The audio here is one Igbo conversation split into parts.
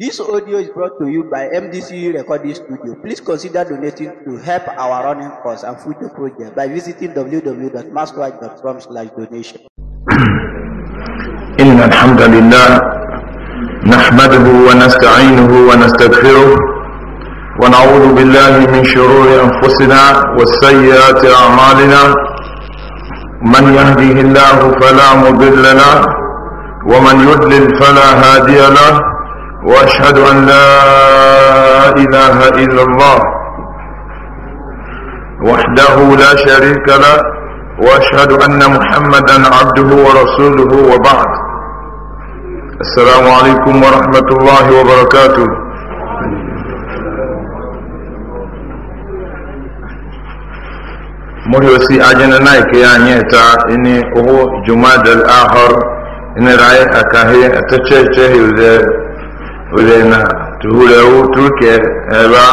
This audio is brought to you by MDCU Recording Studio. Please consider donating to help our running costs and future project by visiting www.maskwatch.com slash donation. إن الحمد لله نحمده ونستعينه ونستغفره ونعوذ بالله من شرور أنفسنا والسيئات أعمالنا من يهديه الله فلا مضل له ومن يضلل فلا هادي له وأشهد أن لا إله إلا الله وحده لا شريك له وأشهد أن محمدا عبده ورسوله وبعد السلام عليكم ورحمة الله وبركاته مريوسي أجن نايك يعني تا إني هو جماد الآخر إن رأي أكاهي أتشهي ولنا تولو تلك أبا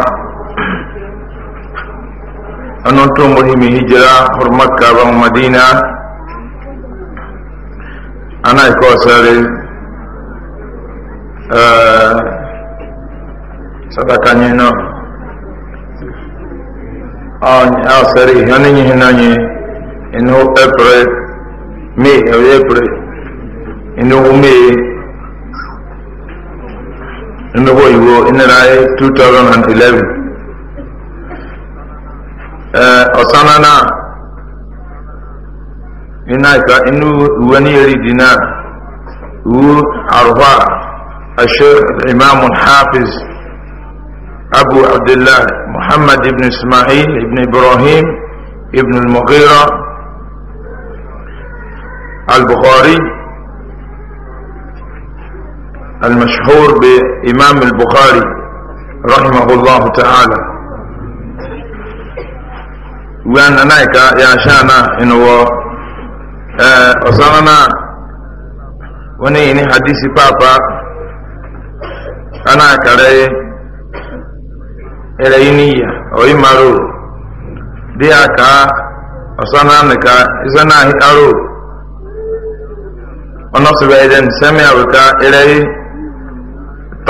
أنو تومري من هجرة حرمكة ومدينة أنا كوسري sadakanye no asari hyanenye hinanye eno april may april eno may in in oyibo nnaraye 2011 ee ọsana na inaika inu uwe yari dina uwe arwa ashir imam hafiz abu abdullah muhammad ibn ismail ibn ibrahim ibn al-mughira al-bukhari المشهور بإمام البخاري رحمه الله تعالى وأن نايكا يا شانا إنه آه، أصلنا ونيني حديث بابا أنا كريه إليني وإمارو ديكا أصلنا نكا إذا ناهي أرو ونصب إذن سمع بك إليه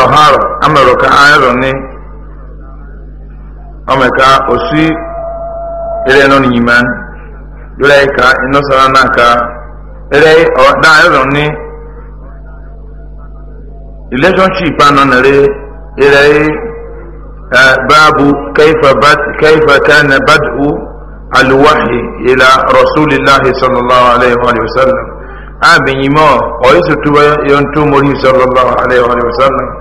tọhara amẹrọ ka ayọrọ ni ọmọ ka osi ere nọ nìyíman lórí ka iná sara náà ka ere ọdá ayọrọ ni relationship anọ nàre ere baabu kaifa kana badu alwahi ila rasulillahi sallallahu alaihi wa sallam abin yi mọ ọyí sọtú yọntú mori sallallahu alaihi wa sallam.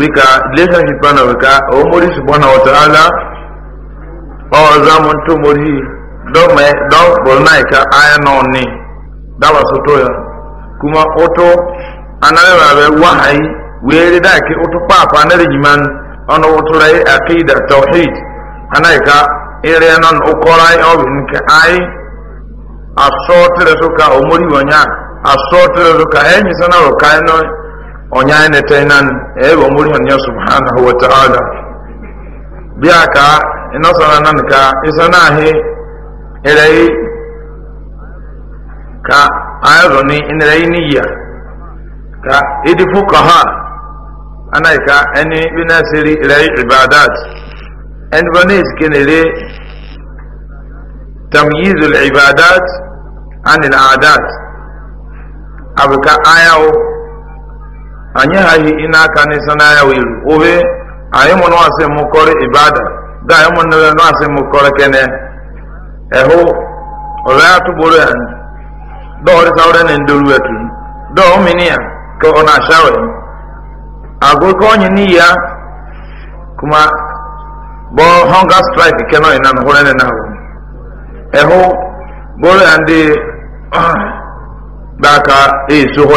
dịka relationship panel nọrọ ka omori sụgbọ na ọtala ọzọ m ntụmori dọme na naịka anya nọ ni dawa soto ya kuma ụtụ anaghị abịa wahayi wee rida ke ụtụ papa anaghị jiman ọnụ ụtụrụ aka akida ana anaghị ka ịrị ya ụkọrọ anyị bụ nke anyị asọ tere so ka omori wọnya asọ tere so ka enyi sọ ka anyị nọ onyaye ne tainan ebo murihan ya subhanahu wa ta'ala biya ka ina sana nan ka isa na he irai ka ayaro ni irai niyya ka idi fuqaha ana ka eni binasiri irai ibadat en bane iskene re تمييز العبادات عن العادات أبكى ayawo. anyị aghaghị ịna aka n'isa n'anya wee obe anyị mụ nọọsị mụ kọrị ibada da anyị mụ nne nọọsị mụ kọrị kene ẹhụ ọrẹ ya dọọ ọrịsa ọrịa na ndoru etu dọọ ọmịnị ya ka ọ na-ahyá agụkọ onye n'iyi ya kuma bọ hunger strike kene ọnyị na nhụrụ ene na ahụ ẹhụ gboro ya ndị daka ah, eyi so hụ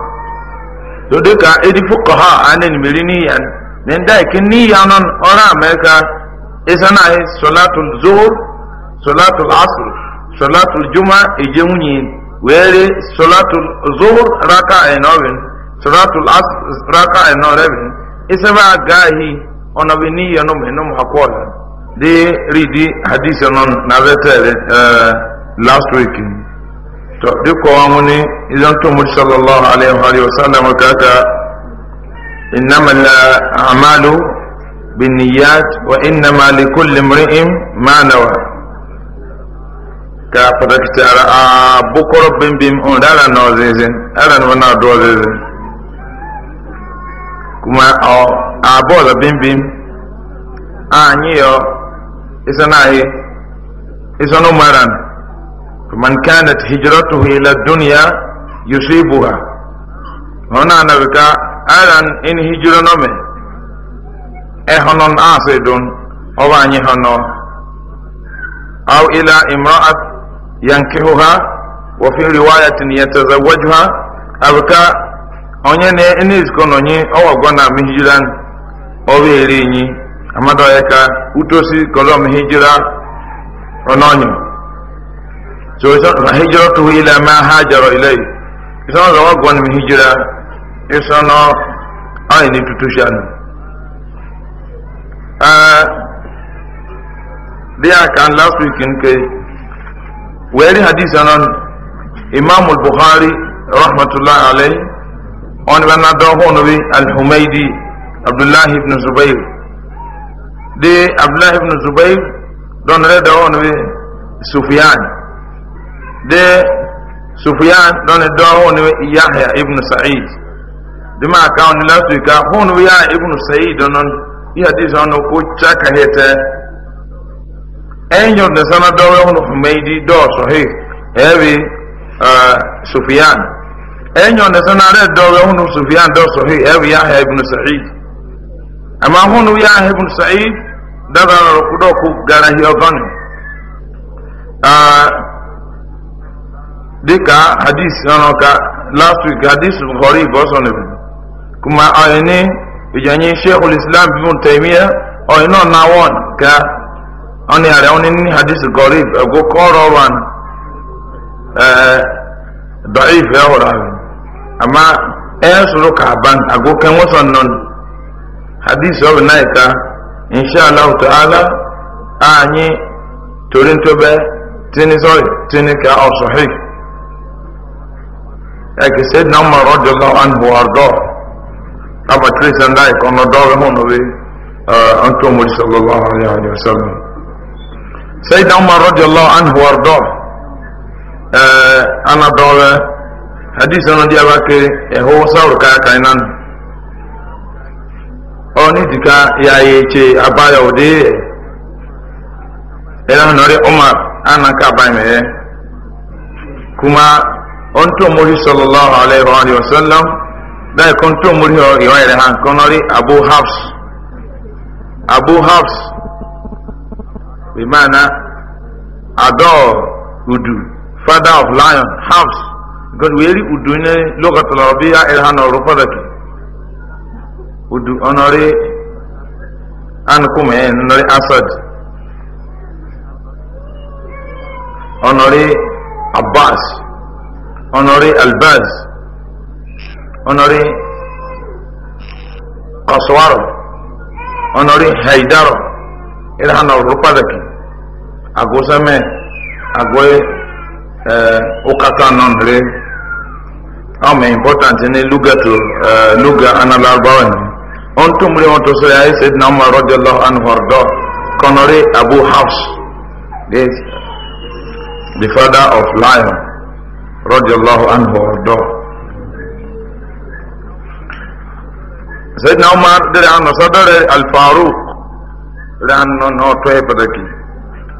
so dịka edi fụkọha anyị na-emeri n'ihi na ndị a ike n'ihi anọ ọrụ amerịka ịsa na ahị solatul zuhur solatul asr solatul juma eje nwunye were solatul zohor raka enọrin solatul asr raka enọrin ịsaba aga ahị ọnọbi n'ihi ọnụ ma ịnụ mụhakwa ọla dị ridi hadisi ọnụ na vetere eh, last week duk kowa muni idan tun mutu sallallahu alaihi wa sallam ka ka innama la a'malu wa innama li kulli imri'in ma nawa ka fata kitara a bukoro bim bim on dara no zezin ara no do kuma a bola bim bim a nyi yo isana yi n'o. umaran man kanat hijratuhu ila dunya yusibuha ona na bika aran in hijra no me ehonon asidun oba anyi hono aw ila imra'at yankihuha wa onye na ene isko no nyi owa gwana mi hijran eri nyi amado yaka utosi kolom mihijira ononyo so hijratuhu ila ma hajara ilayhi isana zawa gwan min hijira isana ai ni tutushan ah dia kan last week in ke wari hadith anan imam al-bukhari rahmatullah alayhi on wana do hono bi al-humaydi abdullah ibn zubair de abdullah ibn zubair don reda on bi sufyan de sufiyan don do honu yahya ibn sa'id de ka ka ya ibn sa'id non ya de so no ko hete enyo sana do honu humaydi do so ebi sufiyan enyo sana re do honu sufiyan do so ebi yahya ibn sa'id ko dịka hadis ọnụ ka last week hadis bukhari bụ ọsọ nebe kuma ọyịnị oh, ịjanye sheikhul islam bin taimiyya ọyịnị oh, ọ na-awọ ka ọ na-arị ọnụ nni hadis bukhari agwọ kọrọ ọrụ anụ dọif ya hụrụ ahụ ama ee eh, sụrụ ka aban agwọ ka enwe sọ nnọ hadis ọ bụ naịka inshallah ta'ala anyị ah, torintobe tini sorry tini ka ọ oh, sọhịk ẹ̀kì sẹ́dínà ọmọ rọ́jò lọ àǹbù àdọ́ abatirisa ndá ikọ̀ ọ̀nà dọ́ọ̀rẹ́ hàn lórí ọ̀ntọ́ mọ̀lì sọ̀lọ́lọ́ àrẹ àrẹ ọ̀sẹ̀lẹ̀ sẹ́dínà ọmọ rọ́jò lọ àǹbù àdọ́ ana dọ́ọ̀rẹ́ hadith ọ̀nà bá ké ẹ̀hó sáwùrù káyàkáyà ọ ní ya ayé ṣe abáyọ̀ òde ọmọ anaka kuma onto muri sallallahu alaihi wa alihi wasallam da konto muri ho oh, yoyere han konori abu hafs abu hafs bi mana eh? ado udu father of lion hafs god weri udu ne eh? logat arabiya irhan rufadak udu onori an kuma onori asad onori abbas honoré albaz honoré kasuwaro honoré haidaro ila hana rupadaki agosame agoye uh, eh, ukata nonre ama important ni lugha tu uh, eh, lugha analarbawa ni on tumri on to say ay sayyidina umar radiyallahu anhu warda honoré abu hafs the father of lion radiyallahu anhu ọdọ sayidina umar dere anasa dere alfaruk dere anọ n'ọtọ ẹ e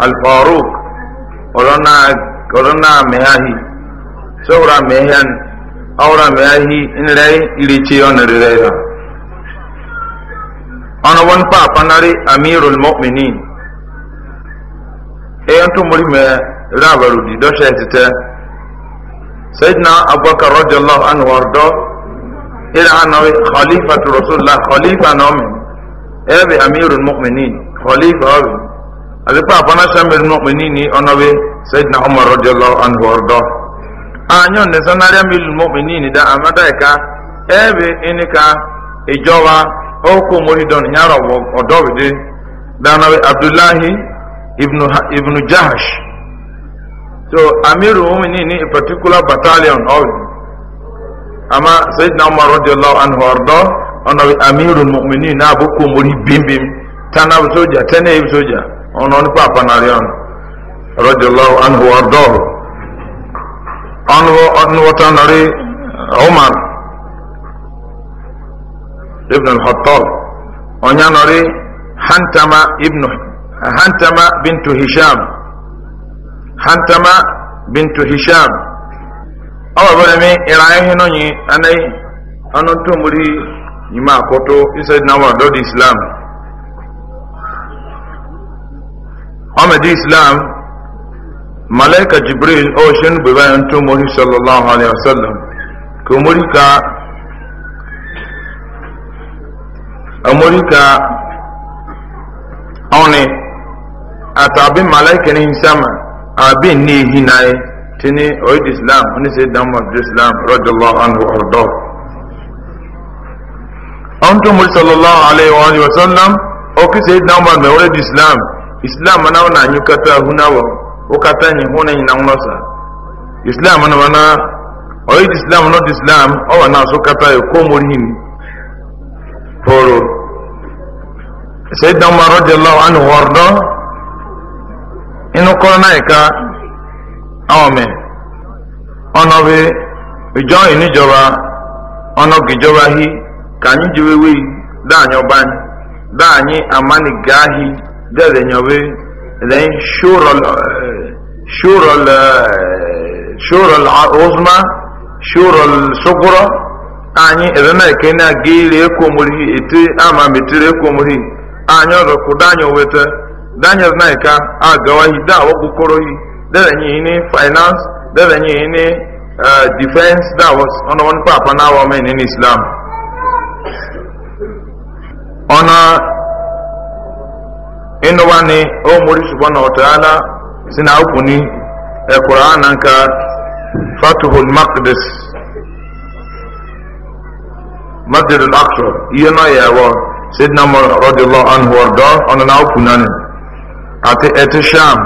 alfaruk ọdọ náà mẹhàhì sọwọra mẹhàn ọwọra mẹhàhì nrẹ irichi ọnàrẹ rẹ ya ọnà wọn pa apanari amirul mọminin ẹ yẹn tó mọrí سيدنا أبو بكر رضي الله عنه وارضاه إلى أن خليفة رسول الله خليفة نومي أبي أمير المؤمنين خليفة أبي أبي بابا نشام المؤمنين أنوي سيدنا عمر رضي الله عنه وارضاه أنيون نسانا أمير المؤمنين دا أمدائك أبي إنك إجوا أوكو مريدون يارا ودوبدي دانوي عبد الله ابن ابن جهش so amiru mumini ni a particular battalion of ama sayyidina umar radiyallahu anhu ardo ona bi amiru mumini na abu ko muri bimbim tana bu soja tana bu soja ona ni papa na rion radiyallahu anhu ardo anhu anhu tanari uh, umar ibn al-khattab onya n'ori hantama ibn hantama bintu hisham hantama bintu hisham awa bane mi iraye hino nyi nọ anon to muri ma akoto isa na wa do islam ama di islam malaika jibril o shin bi bayan to sallallahu alaihi wasallam ka muri ka amurika awne atabi malaika ni sama abin ne hinaye tuni di islam wani sai dan mabdu islam radiyallahu anhu ardo an tun muri sallallahu alaihi wa sallam o ki sai dan mabdu mai oid islam islam mana wana yi kata huna wa o kata ni huna yi nan wasa islam mana mana di islam not islam o wana so kata ya ko muri ni foro sai dan mabdu radiyallahu anhu ardo inú kọ́ náà ìka àwọn ọmọ ọ̀nà bí ìjọ ìníjọba ọ̀nà ka anyị ji wee wee daanyị amani gaa dede nyobe then shurul shurul shurul uzma shurul sukuro anyị ebe na eke na gaili ekwomori eti ọrụ daniel naika agawahi da awagukorohi derenyi ni finance derenyi ni defense that was ọ̀nà wọn pàápàá náà wọ́n islam ọ̀nà ni si e na fatuhul makdis iye sidna anhu Ati ẹtí sham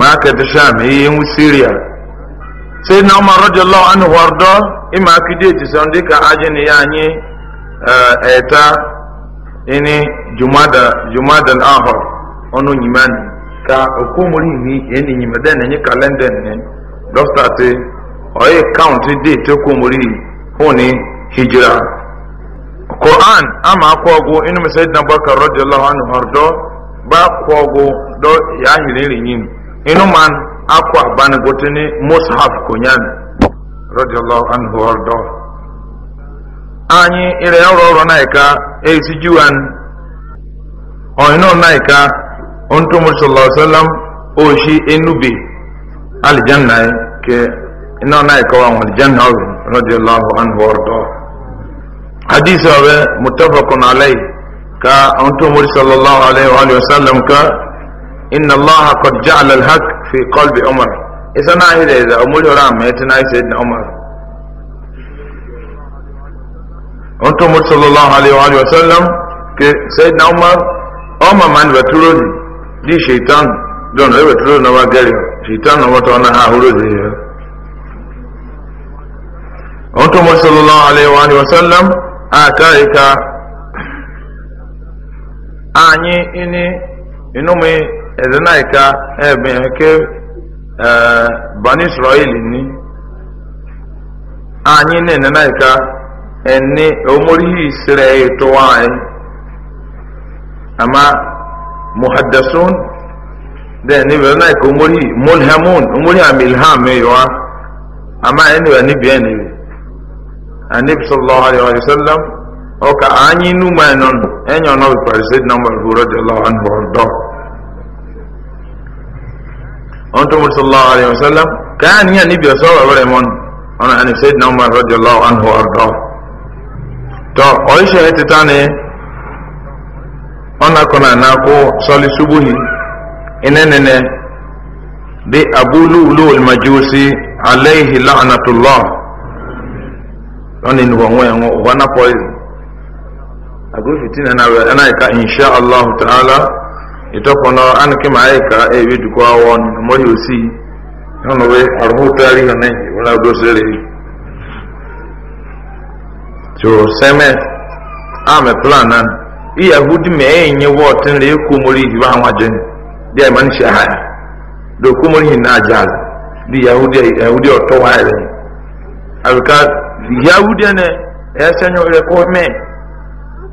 máàkì ẹtí sham èyí ń wú syria ṣé ní ọmọ rọjò lọ ẹnu wọdọ ìmọ̀ akéde ètí sọ ka ajé na ya anyị ẹ̀ẹ́ta ẹni jumada jumada ahọ ọ̀nà ònyìnbá ka okòmórì ní ẹni nyìnbá dẹ́n ẹ̀yẹ kàlẹ́ndẹ̀ ní dọ́kítà ti ọ̀yẹ́ káwùntì déètì okòmórì hó hijira. Quran ama ọgwụ ịnụ mesa na-agbaka rọdịallahu anhu hardọ ba kogo do ya hirin yin inu man akwa bani gotini mushaf kunyan radiyallahu anhu wardo anyi ire ya roro naika e si juwan o inu naika onto mu sallallahu alaihi wasallam o shi enubi aljanna ke inu naika wa aljanna radiyallahu anhu wardo hadith awe muttafaqun alayhi ك أنتم صلى الله عليه وآله وسلم ك إن الله قد جعل الحق في قلب عمر إذا ما هي إذا أمور رام يتنا سيدنا عمر أنتم صلى الله عليه وآله وسلم ك سيدنا عمر عمر من بترول دي شيطان دون أي بترول نما جري شيطان نما تونا هاولوزي أنتم صلى الله عليه وآله وسلم آتاك anyị ini inumi ezenaika ebe nke e, bani israel ni anyị na enenaika eni omorihi sire eto anyị ama muhaddasun da ni ezenaika omorihi mulhamun omorihi amilham yiwa ama eni wa ni biya ni anabi sallallahu alaihi wa ọka anyị numu anyị nọ enyo nọ bikwara sị na mmadụ hụrụ dị lọ anụ ọdọ ọntụ mụrụ sọlọ alayhi wa sallam ka anyị e ya n'ibi ọsọ wa wẹrẹ mọ ọnà anyị sị na mmadụ hụrụ dị lọ anụ ọdọ tọ ọyịsha ya teta ni ọ na-akọ na na-akwụ sọlị subuhi inenene dị abululu olmajusi alayhi la'anatullah ọ na-enuwa nwa ya nwa ụwa na poison ago na we ana ka insha Allah ta'ala ito kono an ki mai ka e wi du kwa won mori osi no we arhu tari na ne wala do sere so seme ame plan nan i yahudi me enye wotin re ku mori hi ba wajen dia man shahaya do ku mori na jal di yahudi yahudi otowa ere abika yahudi ne esenyo re ko me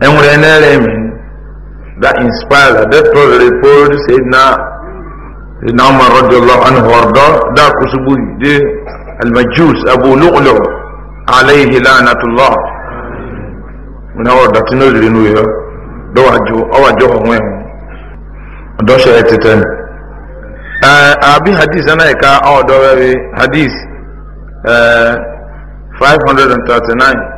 enwere enere mi that inspired that was reported sayyidina sayyidina umar radiyallahu anhu warda da kusubu de almajus abu lu'lu alayhi lanatullah muna warda tinu zirinu yo do wajo awajo onwe do she teten eh abi hadith ana ka o we hadith eh 539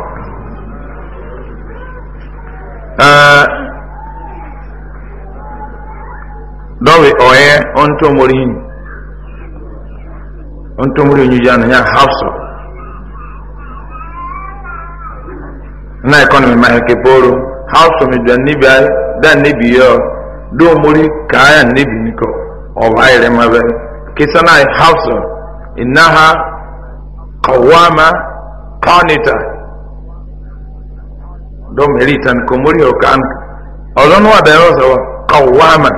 ontomori hin ontomori onyu jana ya hafsa na economy ma heke poro hafsa mi dan nibi ai dan nibi yo do mori kaya nibi niko o baire ma be na ai hafsa innaha qawama qanita do meritan ko mori o kan ọlọ́nu àdáyọ̀ sọ kọ̀wáàmà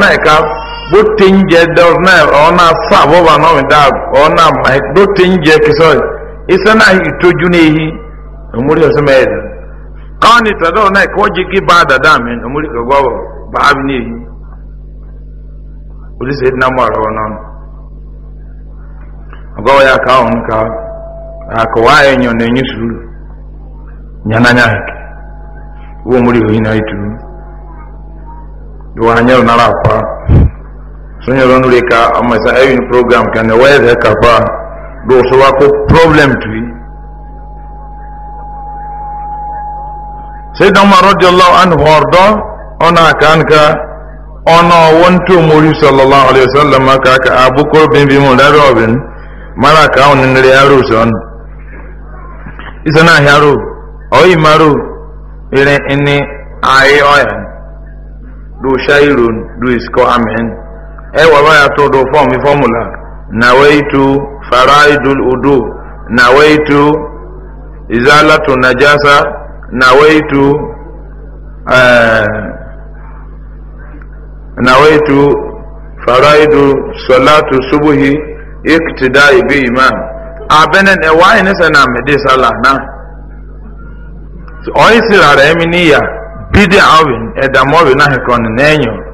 na-ekap bó ti ń jẹ dọ́rọ̀ náà ọ̀nà sábọ́bà náà na ọ̀nà máa bó ti ń jẹ kìsọ́ iṣẹ́ náà ìtọ́jú ní ehi òmùrí ọ̀sẹ̀ mẹ́ẹ̀dá káwọn ní na náà kí wọ́n jí kí bá dàda mi òmùrí ọ̀gbọ́ bàá mi ní ehi oríṣi ìdí ya nyananya pa. sun yi ranu reka a mai sa'ayin program ka da wayar da kafa da wasu ko problem tuyi sai dan ma Allah an warda ona ka an ka ona wanto muri sallallahu alaihi wasallam aka ka abukur bin bin mun daro bin mara ka on ne yaro isa na yaro oyi maro ire ini ayi oyan do shayiro do isko amen ewa ba ya todo form formula na waitu faraidul udu na waitu izalatu na waitu eh, na waitu faraidu salatu subuhi iktidai bi iman abene ne wai ne sana mede sala na oyi sirara emi ni ya bidi awin edamobi na hekron na enyo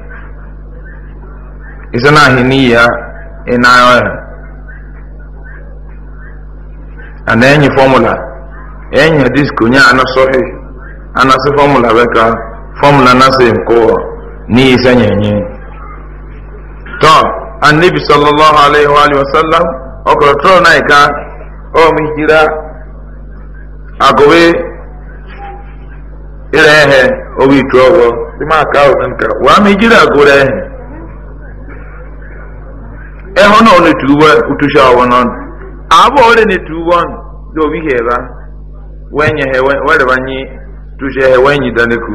isa na ahi n'iyi ya ị na-ayọ ya a na-enyi fọmụla enyi disk onye anasọghị anasị fọmụla beka fọmụla nasị nke ụwa n'iyi isa nyenye tọ annabi sallallahu alaihi wa sallam ọkọrọtọrọ na ịka ọ mi jira agobe ire ehe obi tụọ ọgọ dị m aka ọgọ nka wa mi jira agụrụ ehe eho no ne tuwa utusha wonon abo ole ne tuwa do bi heba wenye he wale banyi tushe he wenyi daneku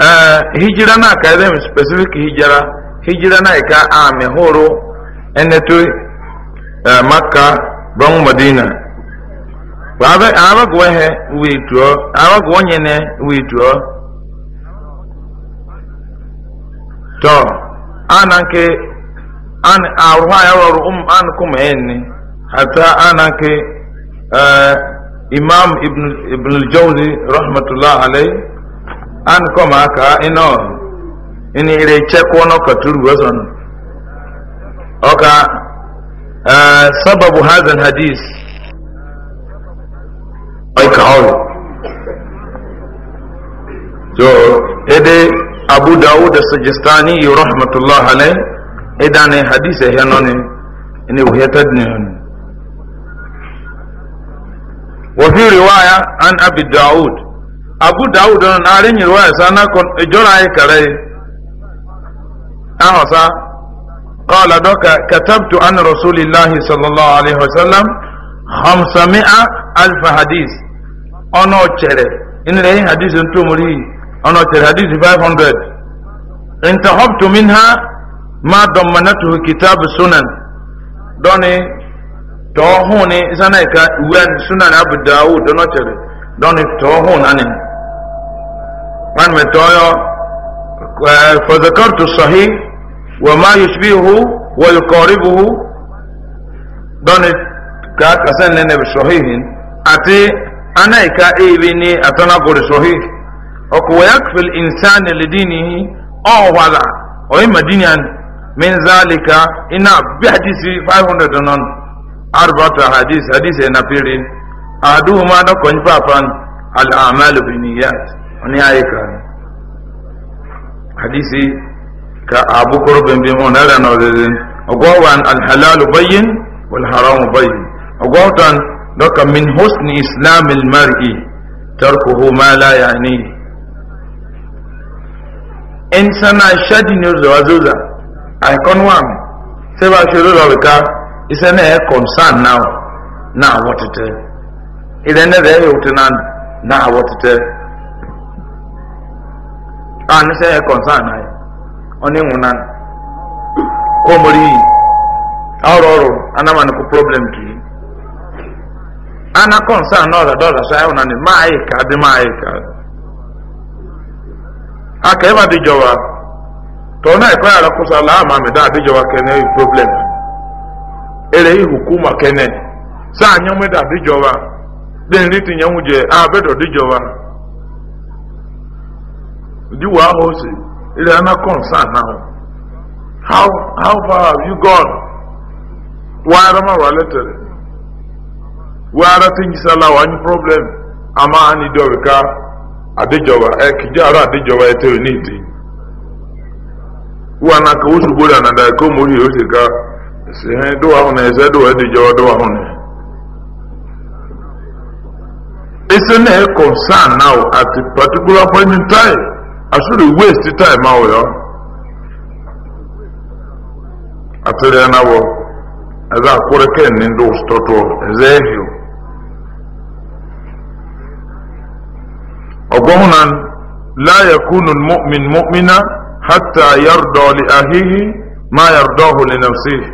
eh hijira na ka dem specific hijira hijira na ka a me horo enetu uh, makka bon madina aba aba gwe he wi tuo aba gwe nyene wi tuo to ana nke an arụwa ya rọrụ um an kuma enni hatta ana nke e, imam ibn ibn al-jawzi rahmatullah alai an kuma aka ino ini ire chekwa no katuru wazon oka e, sababu hadha hadis hadith ay kaul so ede abu dawud sajistani rahmatullah alayh idan hadith e hanoni ni wiyatad ni wa fi riwaya an abu dawud abu dawud on arin riwaya sana kon jora ay kare ahasa قال دوكا كتبت عن رسول الله صلى الله عليه وسلم خمسمائة ألف حديث أنا أتشرف إن لي حديث أنتم مريه أنا الحديث 500 انتهبت منها ما ضمنته كتاب السنن دوني توهوني سنك وين سنن أبو داود نوتري دوني توهون أنين من متويا فذكرت الصحيح وما يشبهه ويقاربه دوني كاك أسنن بالصحيح أتي أنا كأيبني أتنقل الصحيح وكو يكفي الإنسان لدينه أو ولا وإما دينيا من ذلك إنا بحديث 500 أربعة حديث حديث نفيرين أدو ما نكون بابا الأعمال بنيات ونهاية كان حديثي كأبو كرب بن بن هذا نوزين أقوى أن الحلال بين والحرام بين أقوى أن من حسن إسلام المرء تركه ما لا يعنيه insana na ne da wazuza i con one sai ba shi rura wika isa na ya e concern now na watata idan na da ya wuta na na watata a ni sai ya concern na oni ngunan ko muri aro aro ana man problem ki ana concern na da da sai ona e ni mai e ka bi mai ka aka ebe adịjọba tọọ na ekwe ara ma la ama meda adịjọba kene problem ere ihukuma kene sa anya meda adịjọba den ritinye nwuje abedo adịjọba diwa ahụ si ire ana concern now how how far have you gone wara ma wa letere wara tinjisala wa anyị problem ama anyị dọrịka adịjọba ekije arụ adịjọba etere n'iti uwa na ka otu gbori anada ka omori ose ka si ha dụwa ahụ na eze dụwa adịjọba dụwa ahụ na ese na concern now ati a particular point in time i should waste time ahụ ya atụrụ ya na bụ eze akwụrụ ken ndị ụstọtụ eze ehi ogomnaa laa yakunu mụmịn mụmịna ha taa yarudoli ahịhị ma yarudo hụ na ị na msịrị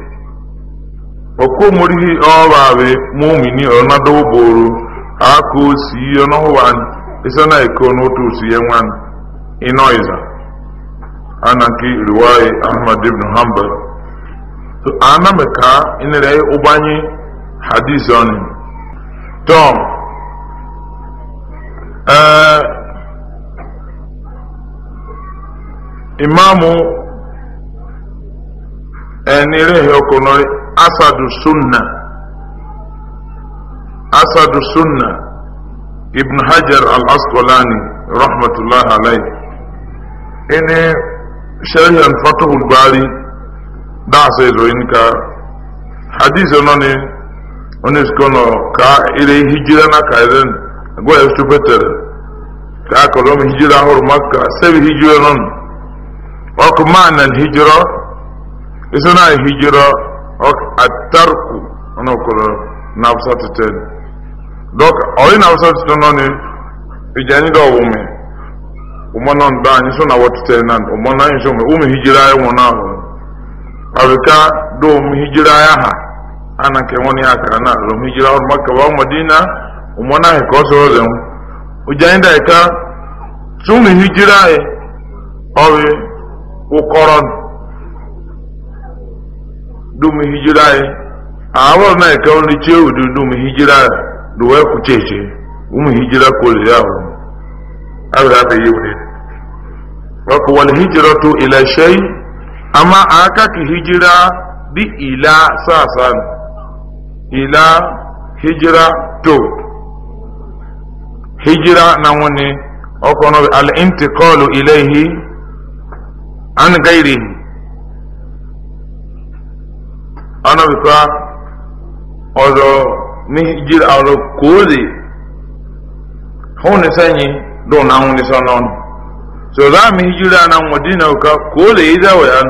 oku omorihi ọ bụ abịa mụmịn ọ nwadoghi bụrụ akụ osisi ọ nọbu anyị isan anyị kụ n'otu osisi anyị nwan ị nọ ịza anaki luayi amadịbu n'uhamba a imamu ẹnirehe okunrin asadu sunna asadu sunna ibn hajar al-asqalani Rahmatullah alayhi ini sharihan fatahul bari daasa iroyin ka hadith ononi onisukono ka ire hijira na kairen agwa ya kaka lom hijira hor makka sabi hijira non ok manan hijira isana hijira ok atarku ono kolo nafsatiten dok oyi nafsatiten noni ijani do wume umonon da ni sona watuten nan umona ni sona ume hijira hijira na lom hijira hor makka wa madina ojainda ika tun hijira e owe ukoron dum hijira e awo na ika oni che odu dum hijira do we ku cheche um hijira ko le yawo abra be yuni wa ku wal hijratu ila shay ama aka ki hijira bi ila sasan ila hijira to hijira na wani ọkọ̀nà al'intikọlu ilaihi an gairi ọ̀nà bíkọ́ ọ̀rọ̀ ni hijira ọ̀rọ̀ kóòzì hún sẹ́yìn dùn na hún sọ́nà so za mu hijira na madina ka kóòzì yí zawayan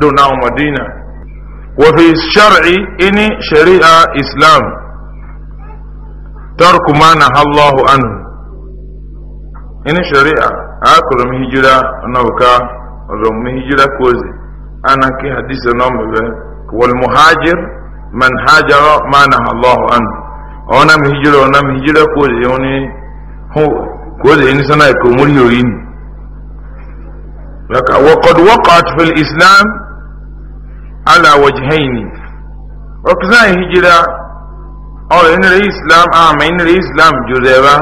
dùn na madina wafi shari'i ini shari'a islam tarku ma na hallahu anhu ini sharia akọrọ m hijira nauka ọzọ m hijira kozi ana ke hadisi na ọmụbe wal muhajir man hajara ma na allahu an ọna m hijira ọna m hijira kozi wani kozi ini sana ya komuri yoyi ni laka wakad wakat fil islam ala wajhaini ọkụzan hijira ọrụ inere islam ama inere islam juzeba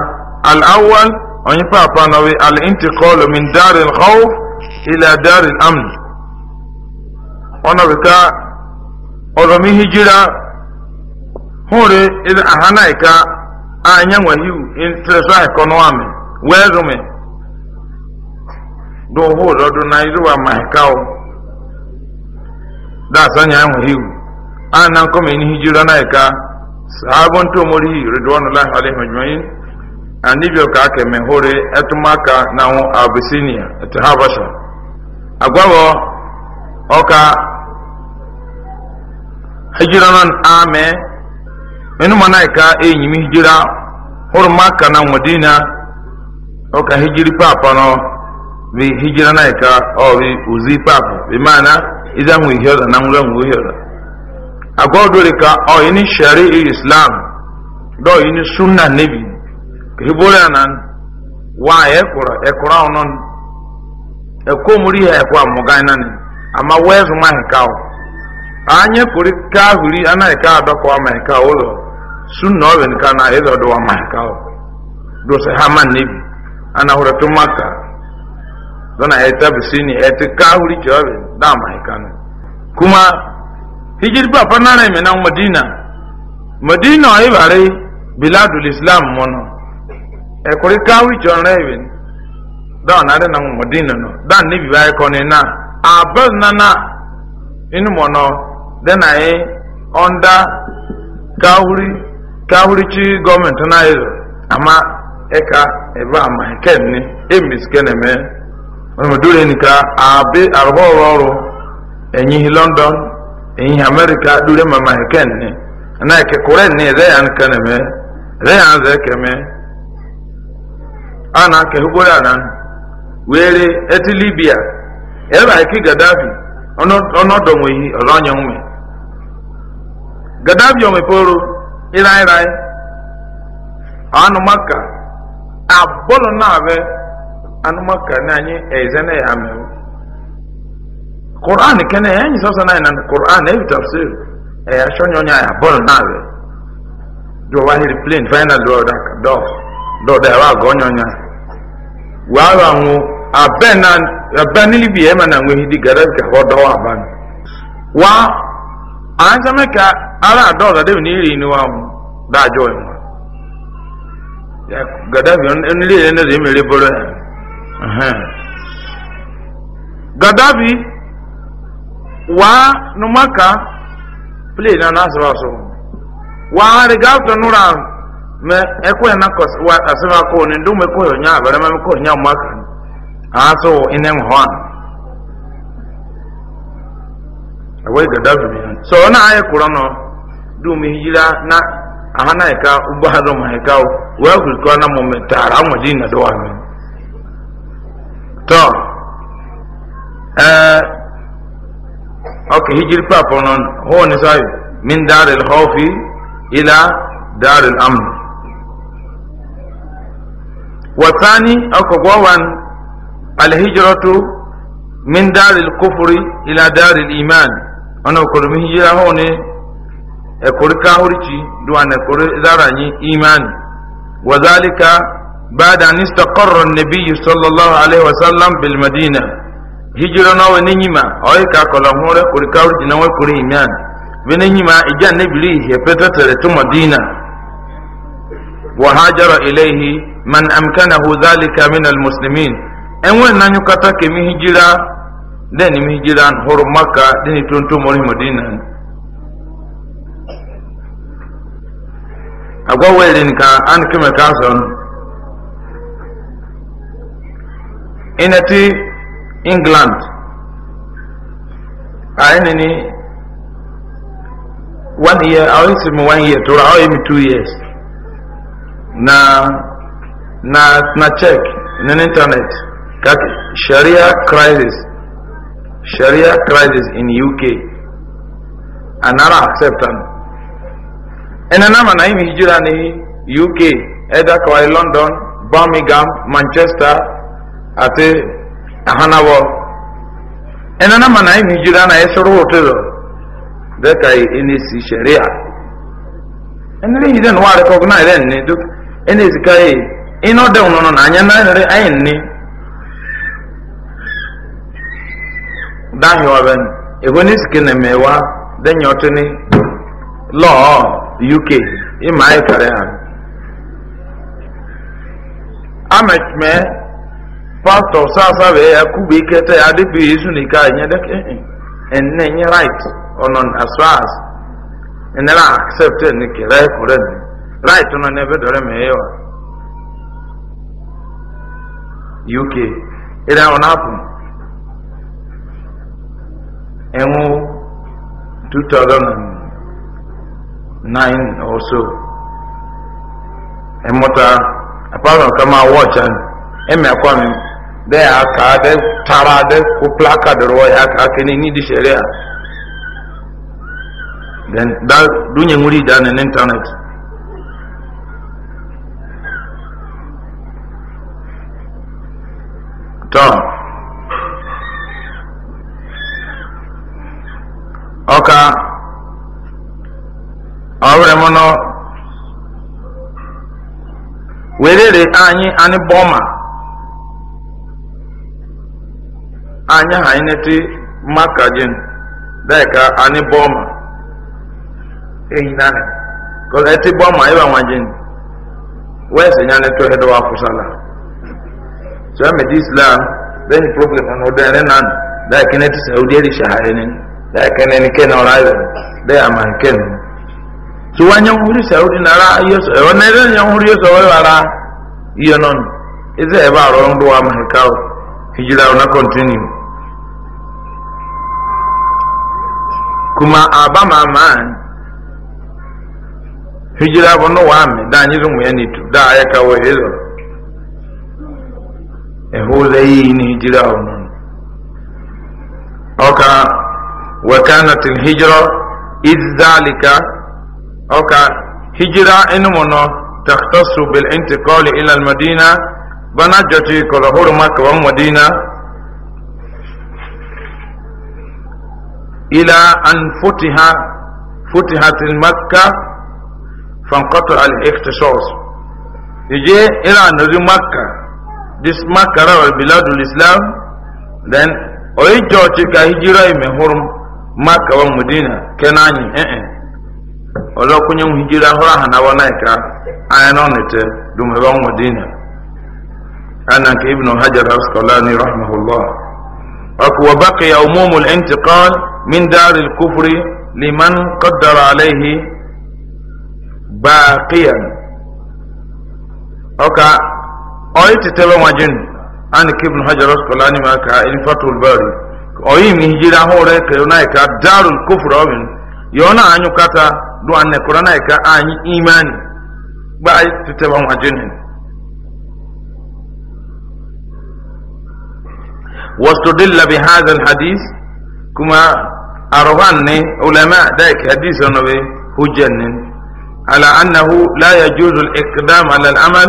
al-awwal onye papa nawe al-intiqal min dar al-khawf ila dar al-amn ona bika oromi hijira hore ila ahana ika e anya wahiu in treso economy wezume do ho do na iru wa mahikao e da sanya wahiu anan kuma in hijira na ika e sabon to mori ridwanullahi alaihi ajma'in anibio ka ake mehore etumaka na nwu abyssinia etu habasha agwawo ọka hijira nan ame inu mana ka enyimi hijira huru maka uh, na madina ọka hijiri papa no bi hijira na ka o bi uzi papa bi mana idan wi hiyoda na nwura nwu hiyoda agwawo dole ka o ini shari islam do ini sunna nabi ribora nan wa ekura ekura onon ekomuri ha ekwa mugai nan ama wezu ma hekao anye kuri ka huri ana eka doko ama eka olo sunna obe nka na edo do ama hekao do se hama nibi ana hore to maka dona eta bisini eti ka huri jobe da ama hekano kuma hijir ba panana me na madina madina ay bare biladul islam mono ekuri kawi john raven da na de na modina no da ne bi ba ko ne na abaz na na inu mo no de na e onda kawuri kawuri chi government na izo ama eka ebe ama ken ni emis kene me ono dure ni ka abe arbo roro enyi london enyi Amerika, dure mama ken ni na eke kore ni de an kene me de an ze keme a na-aka hugboro ala ahụ were eti libya ebe aiki gadafi ọnọdụ nweghị ọzọ onye nwe gadafi omeporo ịrai rai anụmaka abụlụ na-abụ anụmaka na anyị eze na ya mewu Quran kene enyi sọsọ na na Quran ebi tafsir eya shonyo onye ya bol na be do wahiri plane final do da do dɔda ɛwɔ agɔnyɔnya wɔaba ho abɛn na abɛn ne bi ɛma na ŋmehi di gɛrɛ ka hɔ dɔwɔ aba no wa ansɛmɛ ka ara dɔda de ne yiri ni wa ho da yi ho gadafi ɔno de yɛn na de emere bolo yɛ gadafi waa numaka plane na n'asɔrɔ asọ. waa riga after no mɛ ɛkɔɛ e e na kɔs e wa asɛm akɔ ne ndo mɛ nya abɛrɛmɛ mɛ kɔɛ nya ɔmo ɛnɛm hɔ a ɛwɔ so ayɛ no do mi na ahana ɛka ugbo ado ma na mo taara di na do wa mi tɔ ɛɛ ɔkè hijiri paapɔ no hɔn min daare ila daare والثاني أكبوان الهجرة من دار الكفر إلى دار الإيمان أنا أقول من هجرة هون أقول كهوريتي دوان أقول ذراني إيمان وذلك بعد أن استقر النبي صلى الله عليه وسلم بالمدينة هجرة نوى نيما أيكا كلامور أقول كهوريتي نوى أقول إيمان بنيما إجا نبليه هي فترة مدينة وهاجر إليه من أمكنه ذلك من المسلمين أنوين نانيكتا كمي هجرة دين مي هجرة هور مكة دين تنتو مري مدينة أقوى ويلين كا أن كما كاسون إنتي إنجلاند أينني one year أو يسمى one year ترى أو يمي two years na na na check na internet kaka sharia crisis sharia crisis in uk anara accept am ena ma na imi hijira ni uk either kawai london birmingham manchester ati ahanawo ena ma na imi hijira na esoro hotelo dekai yi sharia ẹni lè yí dẹ́nu wà rẹ̀ kọ́gbọ́n náà ene zika ye ino de unono na anya na re ayin ni dahi wa ben ego ni sike na mewa de nyote ni law uk ima ayi e kare ha amechme pastor sasa be ya kube ikete ya dibi isu ni ka e nya de ke enne e nye right onon as far as enela accept ni kire kore ni right nọ n'ebe dọrọ ma ịwa uk ịrị ahụ na-apụ enwu 2009 or so ịmụta apart from kama watch and eme akwa m dee aka de tara de kwụ plakad rụọ ya aka aka n'ini dị sheria then dunye nwere ide na n'ịntanetị tọ ọka ọrụ m nọ werere anyị anyị bọma anyị ha anyị nete maka jin deka anyị bọma eyi naanị kọlọ eti bọma ịwa nwa jin wee sị ya nete ohere kwụsala so islam bẹ́ẹ̀ ni problem ọ̀nà ọ̀dọ̀ ẹ̀rẹ́ náà dáa kí ní ti saudi ẹ̀rí ṣàhárẹ̀ ni dáa kí ní kẹ́ni ọ̀rọ̀ ayọ̀ bẹ́ẹ̀ àmà so wọ́n yẹn wúri saudi nara ẹ̀wọ̀n náà ẹ̀rẹ́ yẹn wúri yẹsọ̀ wọ́n ara yíyọ náà nù ẹ̀sẹ̀ ẹ̀ bá ọ̀rọ̀ ń bọ̀ wá o ọ̀nà continue. هو زين هجرة وكانت الهجرة إذ ذلك أوكا هجرة إنمنا تختص بالانتقال إلى المدينة بنجتي كظهور مكة ومدينة إلى أن فتح فتحت المكة فانقطع الاختصاص يجي إلى نزول مكة this makara wal biladul islam then oyi jɔɔci ka hijira yi hurum maka wa mudina kenanyi ɛɛ ɔlɔ kunye hijira hura hana wa na ka ayan on ite dum wa mudina ana ke ibnu hajar asqalani rahimahullah aku wa baqiya umum al intiqal min dar al kufr liman qaddara alayhi baqiyan oka oyi ti tebe wajen ani kibin hajar asqalani ma ka in fatul bari oyi mi hijira hore ka yona ka darul kufr amin yona anyu kata do anne qur'ana ka anyi imani ba ai ti tebe wajen واستدل بهذا الحديث كما أرغني علماء ذلك حديث النبي هجن على أنه لا يجوز الإقدام على العمل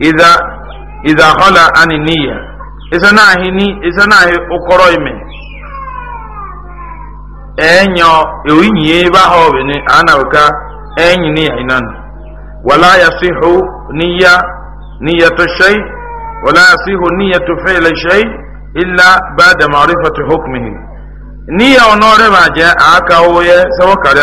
ìdá ìdá họ́là ànínìyà ìsẹ́ náà hi ní ìsẹ́ náà hi ọkọ̀rọ̀ ìmẹ̀ ẹ̀ẹ́nyọ èwìnyìí bá họ́ ọ̀bẹ̀ ni ànàwùká ẹ̀ẹ́nyìn ní àyínà nù wàlá yàsíhù níyà níyà tó ṣe wàlá yàsíhù níyà tó fẹ́ ilẹ̀ ṣe ilà bá dàmàrí fọ́tò hókùnmí níyà ọ̀nà rẹ̀ bàjẹ́ àákàwọ́ yẹ sẹ́wọ́ kàrí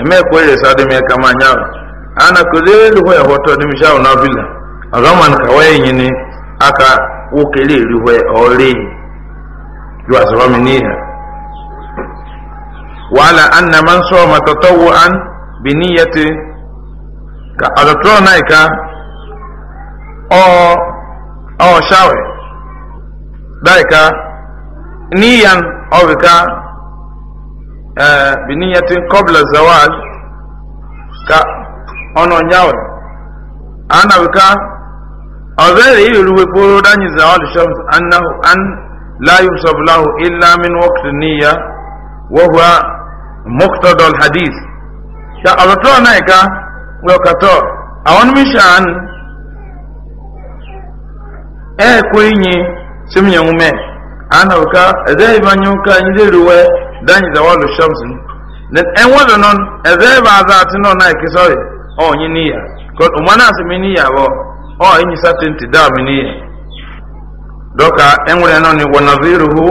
eme ko ye sa de me kama nya a ko de lu ho ya hoto de misha na villa aga man ka wa yin ni aka wo kele ri ho e ore Wala asaba mi ni ha wala anna man sawma tatawuan bi niyyati ka adatro naika o o shawe daika niyan o bika بنية قبل الزوال كا أنا نجاول أنا بكا أذير يلوي بورودان زوال الشمس أنه أن لا يحسب له إلا من وقت النية وهو مقتضى الحديث شا أبطلو نايكا وكتو أون مشان أكويني سمي يومي أنا بكا أذير بانيوكا يدير ويه danyi zawalu shamsin then en wada non eze ba za ati non na ki sorry o nyi niya ko umana se mi niya bo o enyi certainty da mi ya doka en wada non ni wa nadhiruhu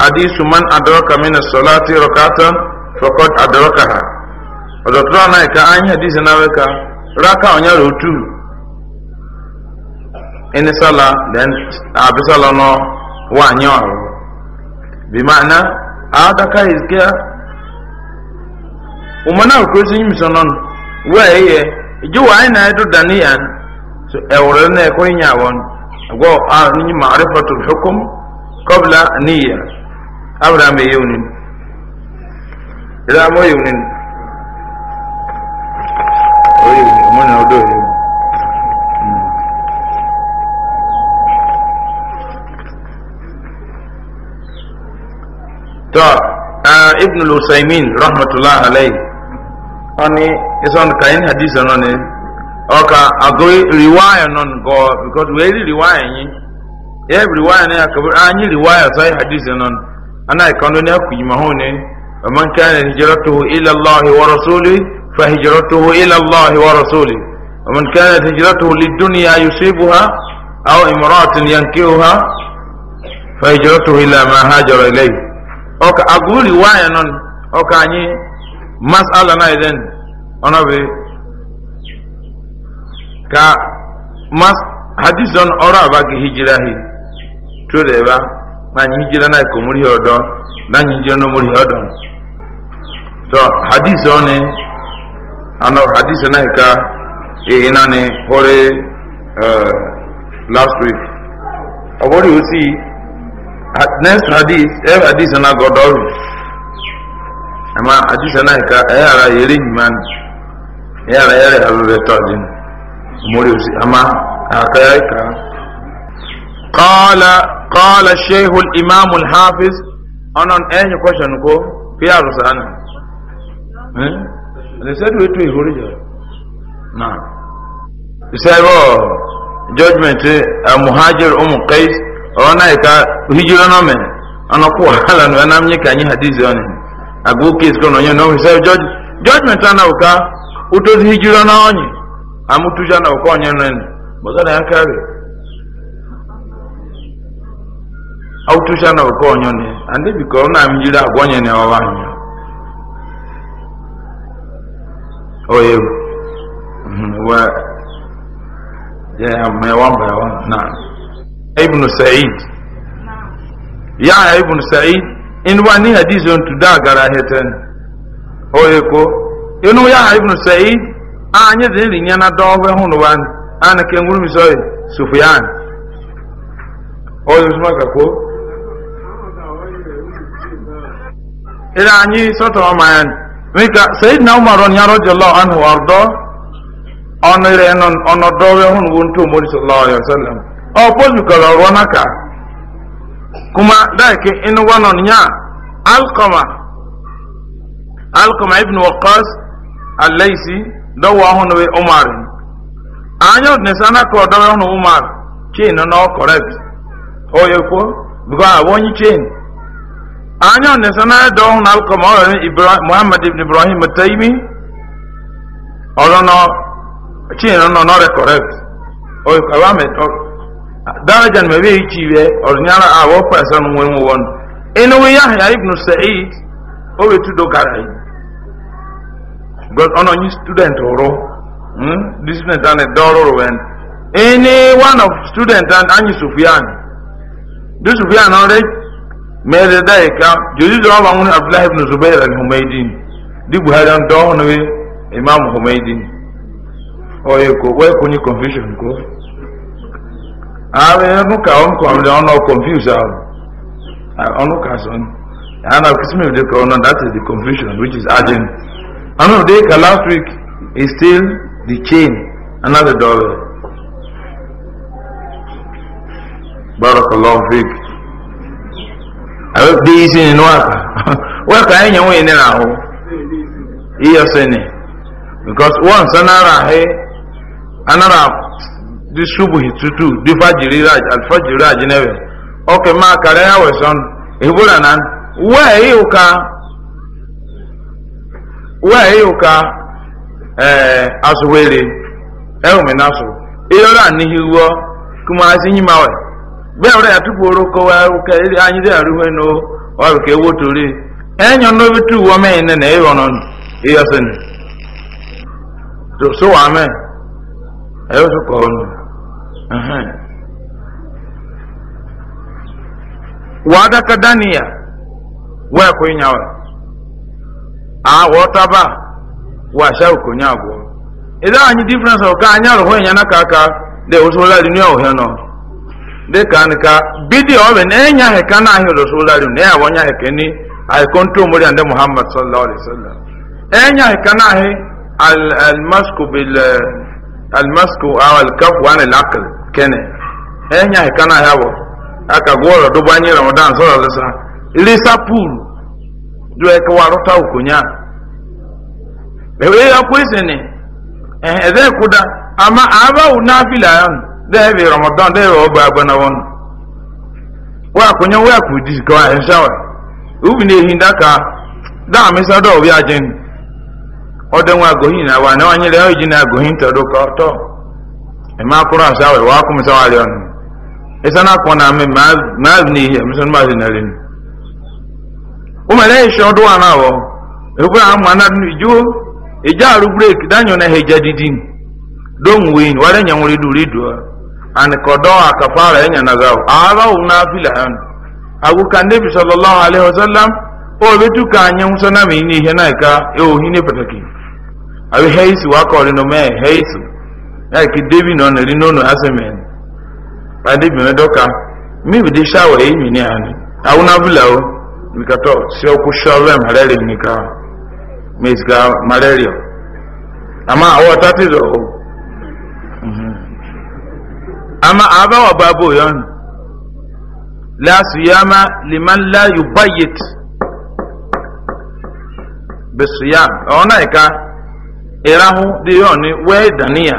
hadithu man adraka min as-salati rak'atan faqad adrakaha odotra na ka anyi hadith na weka raka onya rotu ene sala then abisala no wa nyawo bimana adaka ezike umana akwesi nyimisonon weye ijo wa ina edo danian so ewre na ko nyawon go a ni ma'rifatu al-hukm qabla niyya abra me yunin ila mo yunin oyi mo na odo yunin to ibn al-usaymin rahmatullah alayhi oni ison kain hadith onon ni oka ago riwaya non go because we really riwaya yin every riwaya na akabur anyi riwaya sai hadith onon ana ikono ni ho ni man kana hijratuhu ila allah wa rasuli fa hijratuhu ila allah wa rasuli wa man ومن كانت هجرته للدنيا يصيبها أو امرأة ينكرها فهجرته إلى ما هاجر إليه ọka agụri waya nọ ọka anyị ala na eden ọnọbe ka mas hadison ọrụ abaghị hijira hi tụrụ ebe na anyị hijira na ikomuri ọdọ na anyị hijira n'omuri ọdọ so hadison ni anọ hadison na ka ehi naanị hụrụ eh, last week ọ bụrụ osi next hadith every eh, hadith na god of amma hadith na ka ayara eh, yere iman ayara eh, yere halu tajin muri amma aka ka qala qala shaykh al imam al hafiz onon any question ko pịar sana eh they said we to ihori jo na isaibo oh, judgment uh, muhajir umu qais ona ka hijira no me ana ko hala no na mnyi kanyi hadizi one agu case ko no nyo no se judge judgment na ụka utozi na onye amutuja na uka onye no ni oh, ya na uka onye ni ande bi ko na mjira na owa nyo oye wa ya one by one na ibn sa'id yahya ibn sa'id in wani hadisi on tu O oye ko inu ya ibn sa'id anya de ni nyana do we hunu wan ana ke nguru mi soye sufyan oye usma ka ko ila anyi soto amayan mika sayyidina umar on ya radiyallahu anhu ardo onire non onodowe hunu mo sallallahu alaihi wasallam ọpọlụ kọrọ ọrụ n'aka kuma daike inuwa nọ nya alkoma alkoma ibn waqas alaisi dọwa ọhụrụ we umar anya ọdịna sa na ọhụrụ umar chain nọ ọkọrọ bi oye kwuo bụkwa abụọ onye chain anya ọdịna sa na ọhụrụ alkoma ọrịa muhammad ibn ibrahim taimi ọrụ nọ chain nọ n'ọrịa kọrọ bi oye kwuo abụọ daraja me be ci be ornyara a wo person won won ina we yahya ibn sa'id o we tudo garai god ono ni student oro hmm this student an doro wen any one of student and anyi sufyan this sufyan on re mere dai ka joji do ba mun abdullah ibn zubair al-humaydin di buhari an do ono we imam humaydin o ye ko we ko ni confusion ko Abe nuka on kwamle ono confuse ahu. Onuka son. And I've kissed me the corona, that is the confusion which is urgent. Another day, last week is still the chain, another dollar. Barakallahu fiqh. Abe di isi ni waka. Waka enye we ni na ho. Iyo sene. Because once anara he anara di subuhi tutu di fajiri raj alfajiri raj nebe oke ma kare ya weson ibula nan wa uka wa yuka eh asuwele ewu mi nasu iyora ni hiwo kuma asinyi mawe be ore atupu oroko wa uka iri anyi de aruwe no wa ke wotore enyo no bitu wo me ne na ewo no iyosen so so amen ayo so ko aha wada ka daniya wa ko nyawa a wota ba wa sha ko nyago idan anyi difference o ka anya ro hoya na kaka de o so la ni he no de kan ka bidi o be nya he kan na he ro so la ni ne awon nya he keni ai kontu muri ande muhammad sallallahu alaihi wasallam enya he kan na he al masku bil al masku aw al kaf wa al aql kene enya eh, ya yabo aka gworo lisa pool ka ya kwesene eh eze kuda ama aba ramadan debe oba abana won wa kunya wa kudi ka inshawa ubi na hinda ka da mi sado obi ajin odenwa gohin na wa na wanyere oji na gohin to do ka ma kura shawe wa kuma tawali on na kona me ma ni he mi ma ni o ma le sho do ana wo e na ni ju e ja ru break na he jadidin don win wa le nyanwuri du an ko do na zaw ala una fil an agu sallallahu alaihi wasallam o betu ka anya na mi ni he na e ka e o pataki abi heisu like david nọ nari n'ọnụ asịmen adịbi m dọka mmiri dị shawa eyi mi ni anyị awụ na bụla o mikatọ si ọkwụ shọvel malaria nika mesika malaria ama awọ tati zọ o ama abawa babo yon eh, la suyama liman la yubayit bisuyam ọ na-eka ịrahụ dị yon wee daniya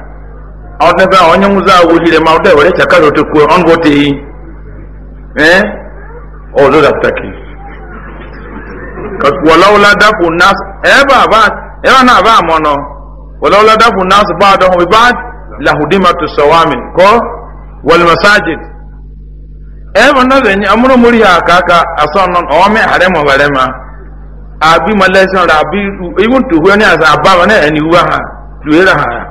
ọdịbe onye nwụzi ahụ ohire ma ụdị were chakara otukwuo ọ ngwọta ehi ee ọzọ dapụtaki wọlọwụla dapụ nas ebe a ebe a na-aba amọ nọ wọlọwụla dapụ nas gba adọ hụ bad lahudima tu sawami kọ wal masajid ebe na zenye amuru muri ha ya aka asọ nọ ọ me hare mo bare ma abi malaysia ra abi even to where ne as ababa na enye wa ha duera ha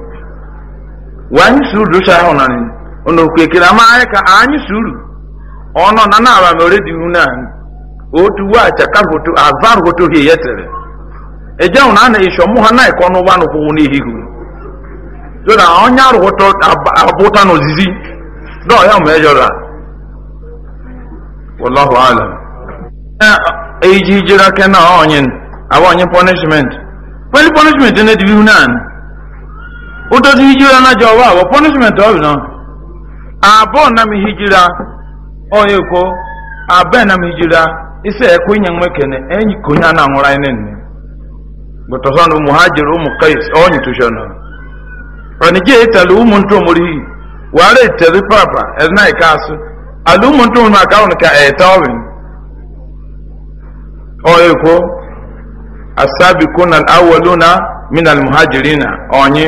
wani suru sha ahụ na ọnụ okwu ekele ama anyị ka anyị suru ọnụ na na abam oredi ihu na otu wa acha ka hoto avar hoto hie ya tere eje ahụ na a na-esho mụ ha na-ekọ n'ụwa n'ụkwụ n'ihihu so na onye arụ hoto abụta n'ozizi na ọya ma ejọra wallahu ala. eji ijere aka na onye abụ onye punishment kweli punishment na-edibi ihu naanị utozi hijira na jọwa awọ punishment ọ bụ nọ abụọ na m hijira onye ko abụọ na m hijira ise ekwe nye nwe kene enyi konya na nwụrụ anyị nne bụtọsọ na ụmụ ha jiri ụmụ kais onye tusho nọ ọnịje etala ụmụ ntụ omori wara etere papa ezina ike asụ ala ụmụ ntụ omori maka ọnụ ka ete ọrịa onye ko asabikuna na minal muhajirina onye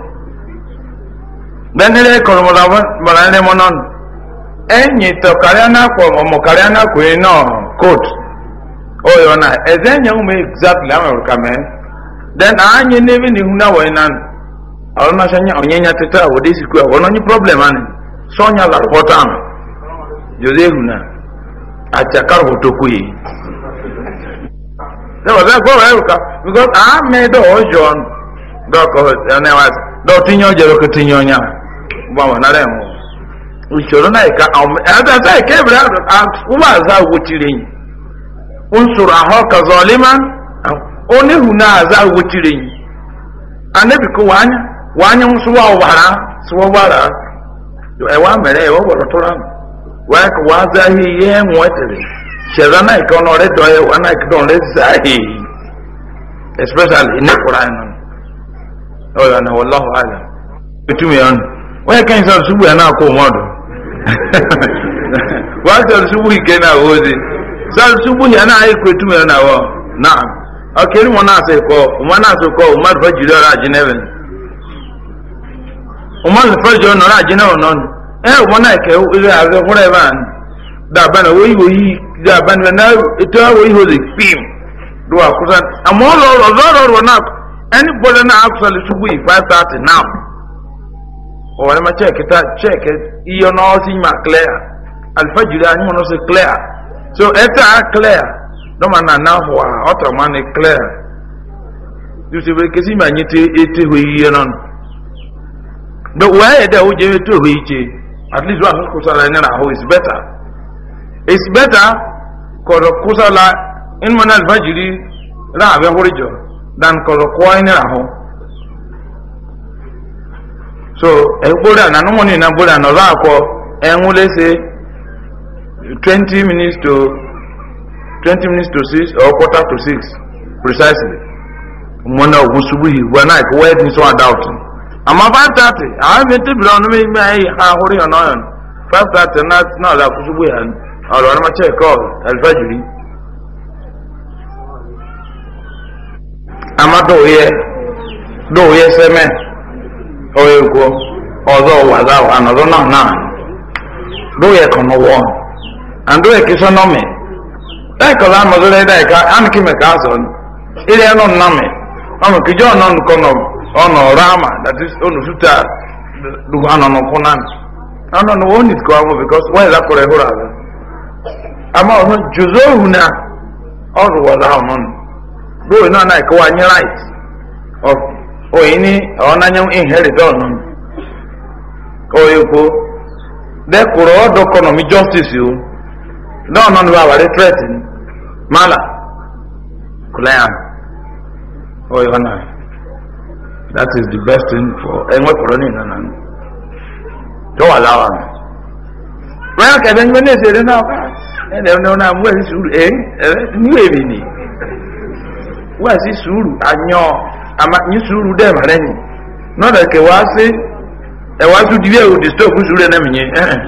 benere kọrọmọlá bọ̀rọ̀ ẹni mọ́ náà ẹ̀yìn tọ̀ kárí anákọ̀ ọmọ kárí anákọ̀ yìí náà coat ọ̀yọ̀ náà ẹ̀zẹ̀ ẹ̀yìn exactly àwọn ọ̀rọ̀ kàmẹ́ then àányẹ níbi nìhun náà wọ̀nyí náà ọ̀rọ̀ náà sẹ́yìn ọ̀nyẹ́ nyà tètè onye problem àná sọ́nyà làrúbọ́tà àmì jòdè ehun náà àtìyàkárò ẹ̀rù ka because àmì dọ̀ ọ́ dọ̀ tinye mgbanwe nara enwe usoro na ika adasa ike ebere ụmụ aza wotire yi usoro ahụ ka ọlịma, onye hụ na aza wotire yi anabiko wanya wanya nsuwa ọbara sụwa ọbara ewa mere ewa ọbara tụrụ ahụ wee ka wa aza ihe ihe enwetere shara na ika ọ nọrọ dọọ ya wa na ika ọ nọrọ zahi especially ine anyị nọ ọ ya na wallahu alam otu ya nọ onye ka nsọ nsogbu ya na-akwụ mmadụ wa nsọ nsogbu ike na ahụ ozi nsọ ya na-ahụ ikwe na ahụ na ọkiri mụ na-asị kọ ụma asị kọ ụma dụfa jiri ọrụ ajị n'ebe ụma dụfa jiri ọrụ ajị n'ebe nọ ee ụma eke ụzọ ahụ hụrụ ebe a daba na oyi oyi daba na eto oyi ozi pim dụwa kusa ama ọrụ ọrụ ọrụ ọrụ na now wanama cheke ta cheke iyo nosi ma clear alfajiri anyị mụrụ nosi clear so eta a clear no na na ho a oto ma ni clear yusi be kesi ma nyi te ete ho yiye non do wa ye da o ete ho yiche at least wa ko sala ni na ho is better is better ko ro kusala in mana alfajiri la be horijo dan ko ro ko ni na ho so ekpori eh, na anụmanụ na bori na ọba akwọ enwulese eh, 20 minutes to 20 minutes to 6 or quarter to 6 precisely na ọgwụ subuhi na ike wee nso adult ama 530 ahụ ebe ntị biri ọnụ ha 530 na na ọla subuhi ha ọrụ ọrụ macha do semen oye kwuo ọzọ ụwaza ahụ anọzọ na na doye kọ n'ụwa and doye kisọ nọmi daikọla anọzọla ede ka anụkime ka azọ ile nọ nnami ọmụ kijọ ọnọ nkọ nọ ọnọ ama that is onu suta dugu anọ n'ụkwụ na anọ n'ụwa ọ nitiko ahụ because wọ́n ịza kọrọ ịhụrụ azụ ama ọhụ juzo ohu na ọrụ ụwaza ahụ nọ nọ doye nọ na-ekọwa nye right of oyini ọ̀nanya inheritance nù oyoko dẹkùrọ̀ ọ̀dọ̀ kọ̀nọ̀mí justice o náà nọ wa wàrí threat ni mala client oyo na that is the best thing for ẹnwẹ́ kọ̀rọ̀ ní ìnáná ni tó wà láwa ni wọ́n kẹ̀bẹ́ ní wọ́n ní èsèré náà ká ẹ̀dẹ̀ ọ̀nà ọ̀nà àmúwẹ̀ sí sùúrù ẹ̀ ẹ̀ ní èmi ni sí sùúrù anyọọ. ama nyi suru dem reni no da ke di e wasu diwe o disturb suru na nye eh, eh.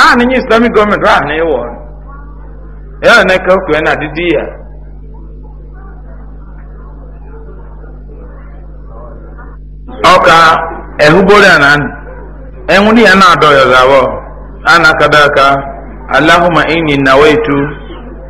an islamic government wa ne wo ya na ka ku na didi ya oka ehubore anan na ana kadaka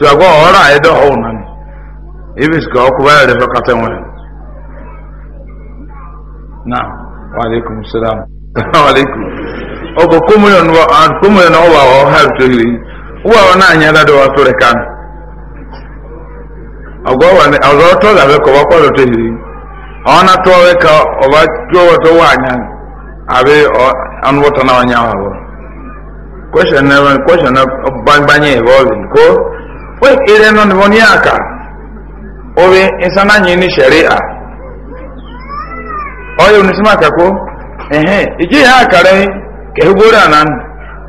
tìwàgbọ́ agwa àyẹ́dọ̀ ọ̀hún náà ni ibi sìkà ọkùnrin ayọ̀ rẹ̀ fẹ́ kàtẹ́ wọn. náà wàlẹ́kùn sílámù wàlẹ́kùn ọkọ̀ wa náà wà ọ̀ hẹ́rù tó yìí wúwà wọn náà nyẹ́ ládọ̀ wà tó rẹ̀ kánú. ọgọ́ wà ọrụ ọ̀rọ̀ tó ọba na wey ire na ni aka owe insana nyi ni sharia oyo ni sima ehe ije ya kare ke hugora nan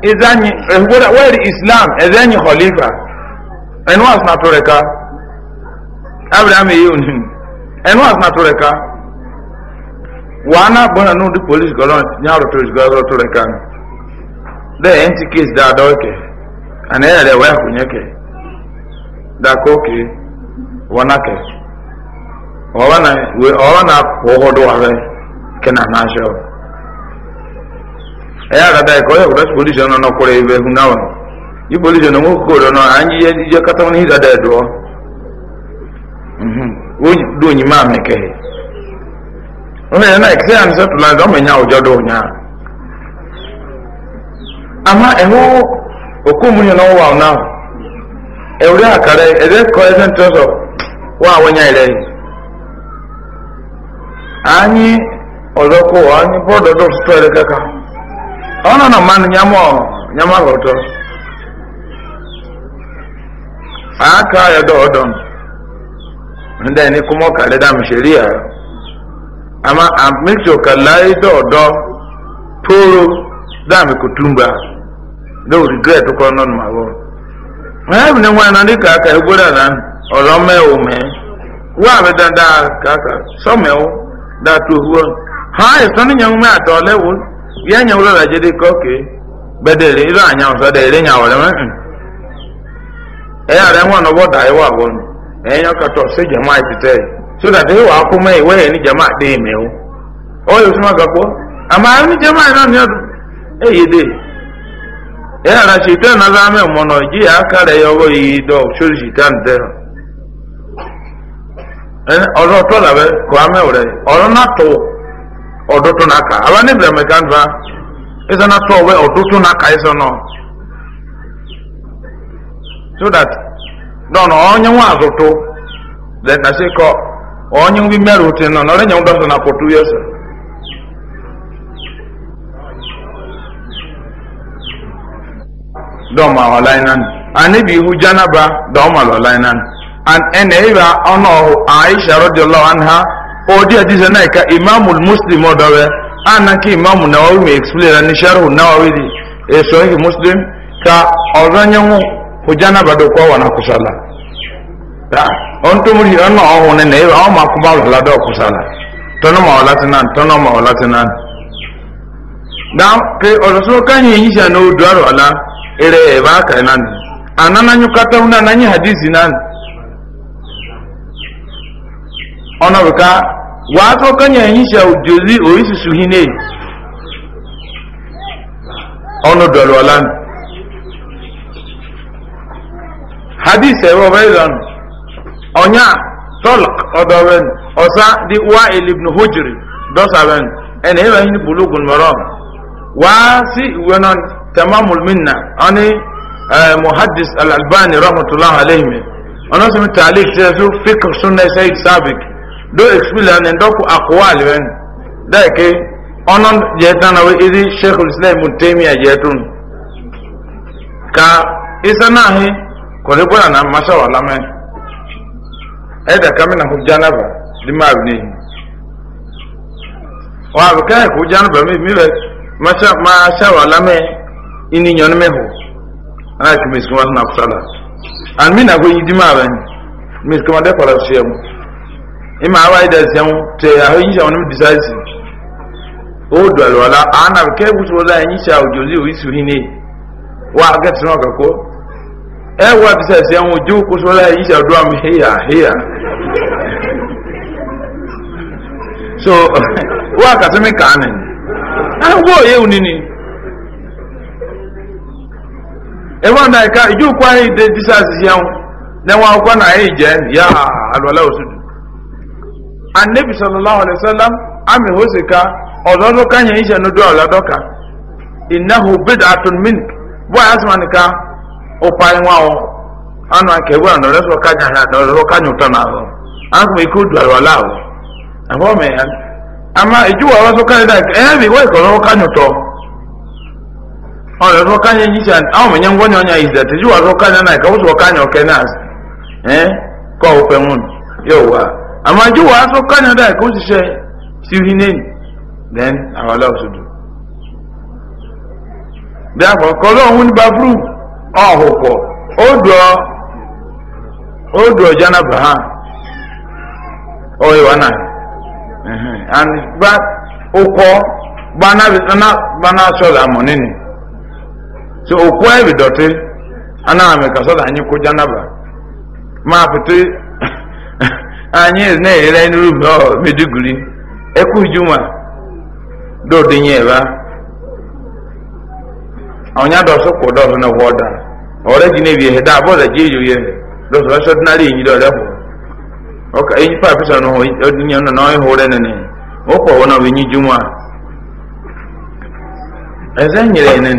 izanyi hugora we islam ezanyi khalifa en was na toreka abraham yuni en was na toreka wana bona no di police golon nyaro police golon toreka de enti case da doke anere we akunyeke dako ke wanake ɔwana we ɔwana kɔkɔ do wafɛ mhm. kena n'ahyɛ o ɛyɛ agada yi kɔyɛ kɔdɔ polisi ɔnɔ n'ɔkɔrɔ yi bɛ hu n'awɔ yi polisi ɔnɔ do yɛ yɛ kata wɔn wo do kɛ na ekisɛ yanisɛ to la ɔmɛ nya ɔdzɔ do nya ama ɛho okomu ẹ̀rí àkàrẹ ẹ̀dẹ́ kọ ẹsẹ̀ ń tọ́sọ̀ wọ́n àwọn ẹ̀yà ìrẹ́ yìí. anyi ọ̀dọ́kọ̀ anyi bọ́ọ̀dọ̀ ọdọdọ sọ́tọ̀ ẹ̀rẹ́ kẹ́kà ọnọdụ nà mánu nyamọ̀ a àgọ̀tọ̀ àáka ẹ̀dọ̀ ọ̀dọ̀n ndẹ́ ẹni kúmọ̀ kàlẹ́ dàmú ṣẹ̀rí ẹ̀ àmà àmìtò dàmú kùtùmbà tó ee bi ŋmaa na ndika ka egbori ala ọlọmọ ẹwọ mẹ wọ abẹ dada kaka da to ha ẹsọ ni nyẹnwó mẹ àtọ lẹwọ yẹ nyẹnwó lọla jẹde kọkẹ e bẹdẹrẹ irọ ànyà ọsọ eya ẹrẹ nyàwó lẹwọ ẹn ẹyà rẹ wọn nọ bọdà ẹwọ e so that ẹwọ akọmọ ẹwọ yẹ ni jẹmọ àdé mẹwọ ni yana na shaitan na zame mono ji ya kare ya yi do shuru shaitan de eh oro to la be ko ame ore oro na to odo to na ka aba ni bre me kan ba isa na to we odo to na so that no no onye nwa azoto then na se onye wi meru tin no no re na potu yeso dɔn ma hɔ lan nan ani bi hu janaba dɔn ma lɔ lan nan an ɛnɛ e ba ɔnɔ aisha rɔdiyɔlɔ anha o di sɛ n'a ye ka imaamu muslim o Ana bɛ an na ki imaamu nawawi mi explain la ni sarihu nawawi di e sɔhi muslim ka ɔzɔ nyɛŋu hu janaba do kɔ wana kusa la ta ɔn tumuri ɔhu ne na e ba ɔn ma kuma lɔ la dɔ kusa la tɔnɔ ma hɔ lati nan tɔnɔ ma dan ke ɔsɔsɔ kan yi yi sɛ n'o duwari o la. ere eba aka nan anananyukata una nanyi hadithi nan ona bika wato kanya yisha ujuzi oisi suhine ono dolwalan hadith eh, ewo baylan onya tolq odowen osa di wa'il ibn hujri dosaben ene eba hini bulugul maram wa si wenon tamamul minna ani eh, muhaddis al-albani rahmatulah alayhi ọ̀nà sọ mi tààlí ti ẹ̀ sún fíkì súnà ṣẹ́yìn sábìk dó ìfìlà ní dọ́kù àkọ́wàlì rẹ̀ dẹ́ẹ̀kẹ́ ọ̀nà jẹ́ tánà wí ìdí sheikh islam tẹ́mi ẹ̀jẹ̀ tún ka isa náà hin kò ní gbọ́dọ̀ náà máṣá wà lámẹ́ ẹ̀dà kámínà kò jánàbà ní máa bì níyì wọ́n àbíkáyà kò jánàbà mi mi rẹ̀ máṣá wà lámẹ́ ini nyɔnu mɛ hɔ ana tun bɛ sikama na kusa la na ko yi dima bɛ ni mi sikama de kɔrɔ fiyɛ mu ima awa yi da fiyɛ mu tɛ a yi sɛ wani disa si o dɔlɔ la ana kɛ wusu la yi sɛ o jɔsi o yi su hinɛ wa a kɛ tɛnɛ o ka ko ɛ wa disa fiyɛ mu ju kusu la yi sɛ o do a heya heya so wa ka tɛmɛ kan ne ni an ko o ye o ni ewa na ka iju kwa yi de disa asisi na wa kwa na ya alwala osudu annabi sallallahu alaihi wasallam ami hosika ododo kan yin je no do ala doka innahu bid'atun min wa asman ka o pa yin wa o anu wa no reso ka nya na do ro ka na o an ko iku do alwala o ama iju wa so ka da e bi wa ọ̀rọ̀ ẹ̀fọ́ kányẹ yìí ṣe àwọn èèyàn gbọ́nyẹ ọ̀nyà ìṣẹ̀ tí yóò wá fọ́ kányẹ náà ìkàwọ́ sọ kányẹ ọ̀kẹ́ náà ẹ̀ kọ́ ọ̀pẹ̀ wọn yóò wá àmọ́ ẹjọ́ wàá fọ́ kányẹ náà ìkàwọ́ ṣiṣẹ́ síwí nẹ́ẹ̀nì then àwọn aláwọ̀sọ̀dọ̀ dàpọ̀ kọ́lọ́ ọ̀hún ní bàbúrú ọ̀hùpọ̀ ó dùọ̀ na ha ọ̀yẹ̀wà náà and gba okọ̀ na sọ̀rọ̀ àmọ̀ nínú so okwu dọtị anaghị amị ka sọda anyị kwụja naba anyị na-ere n'iru mgbe meduguri ekwu juma dọdị nye ebe ọnya dọsọ kwụ dọsọ na ụwa ọda ọrịa ji na-ebi ihe daa bọọda ji eyi ihe n'ala enyi bụ enyi na na nene na ọ bụ enyi eze nyere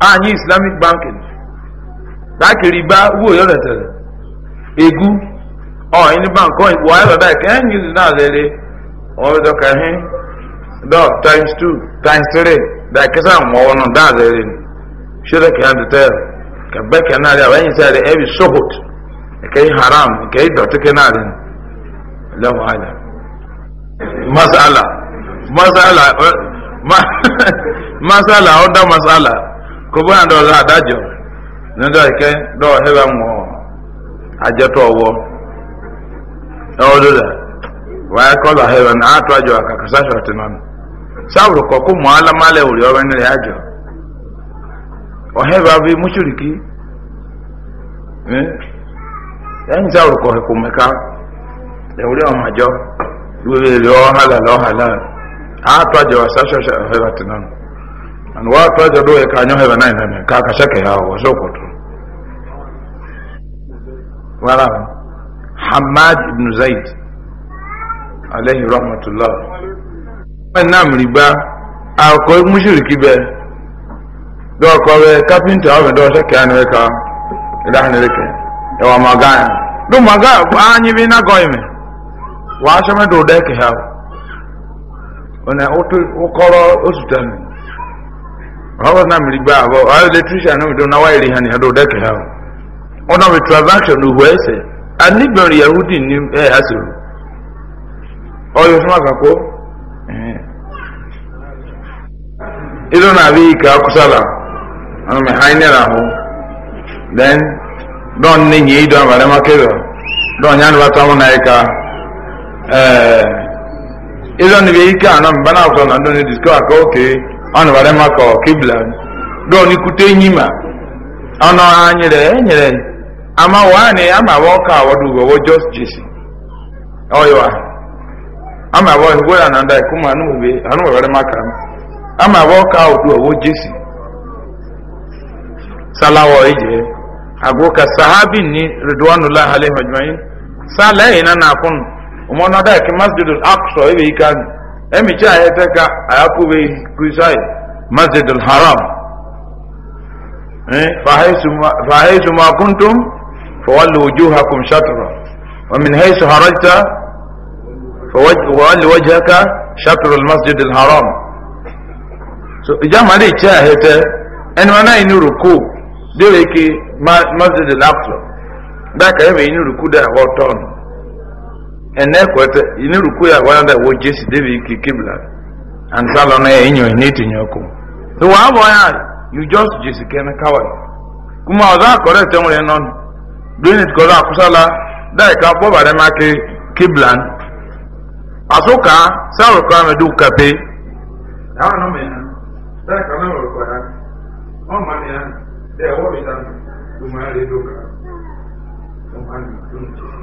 anyị ah, islamic banking lákìrì bá wú òyò rẹ̀ tẹ̀lẹ̀ egu ọ̀hìn ní bank ọ̀hìn wọ́n ẹ̀rọ dáì kẹ́hìn yìí náà lẹ́rẹ́ wọ́n fi dọ́kà times two times three dáì kẹ́sà mọ́ wọn náà dáà lẹ́rẹ́ ni ṣẹlẹ̀ kẹ́hìn àti tẹ́ kẹ́bẹ́ kẹ́hìn náà rẹ̀ àwọn ẹ̀yìn sáré ẹ̀bi sohot kẹ́hìn haram kẹ́hìn dọ̀tí kẹ́hìn náà rẹ̀ ni masala masala masala ọ̀dà masala. kobo na dɔzɔ adadzɔ ike dɔwɔ hɛ ba ŋɔ adzɛtɔ wɔ ɛwɔ do da na ato adzɔ akakasa sɔrɔ ti nɔni sáwùrù kɔkó mɔ alamálɛ wòle ɔbɛ ne le adzɔ ɔhɛ ba bi musuliki ɛ ɛyin sáwùrù kɔhɛ and watu wacha doe kanyohera naye naye kakashake yao wasoko tu wala Hamad ibn Zaid alayhi rahmatullah nam riba akọ mushriki be do ko be kapinta awe do shake anu ka ila haneleke e wa magaya do magaya anyi bi na do hawa na mmiri gba abụọ ọ electrician na mbido nawa iri ha na ịhado deke ha ọ na transaction uhu ese anyị bere yahudi ni ee ha siri ọ yọ sọ maka kwuo ido na-abịa ike akwụsala ọnụ mgbe ha nyere ahụ then dọn ne nye ịdọ abalị maka ịdọ dọn ya nabata mụ na ịka ee ịdọ na-abịa ike anọ mgbe na-akwụsala ndị oke okay. ọnụ bara maka ọkibla dọọ n'ikute enyima ọnụ anyere enyere ama wani ama wọ ka wọdụ wọwọ jọs jesi ọyọ ama wọ igwe ya na ndị kuma anụ wube anụ wọbara maka ama wọ ka wọdụ wọwọ jesi salawọ ije agụka sahabi ni ridwanullah alaihi majmain sala ina na kun umma na da ke masjidul aqsa ibe ikani emi cha ayeteka ayakube kuisai masjid al-haram eh fa haythu ma kuntum fawallu wujuhakum shatra wa min haythu harajta fawallu wajhaka shatra al-masjid al-haram so ijama le cha ayete en wana inuru ku dole ki masjid al-aqsa daka yebe inuru ku da hoton ene kwete ya wanda wo david devi ki and salo na enyo ine tinyo ku so wa ya you just jesi kena kawai kuma oza kore te nwere doing it kola kusala dai ka bo bare ma ki kiblan asuka salo ka me kape ya no na dai ka me ro ko ya o ma me ya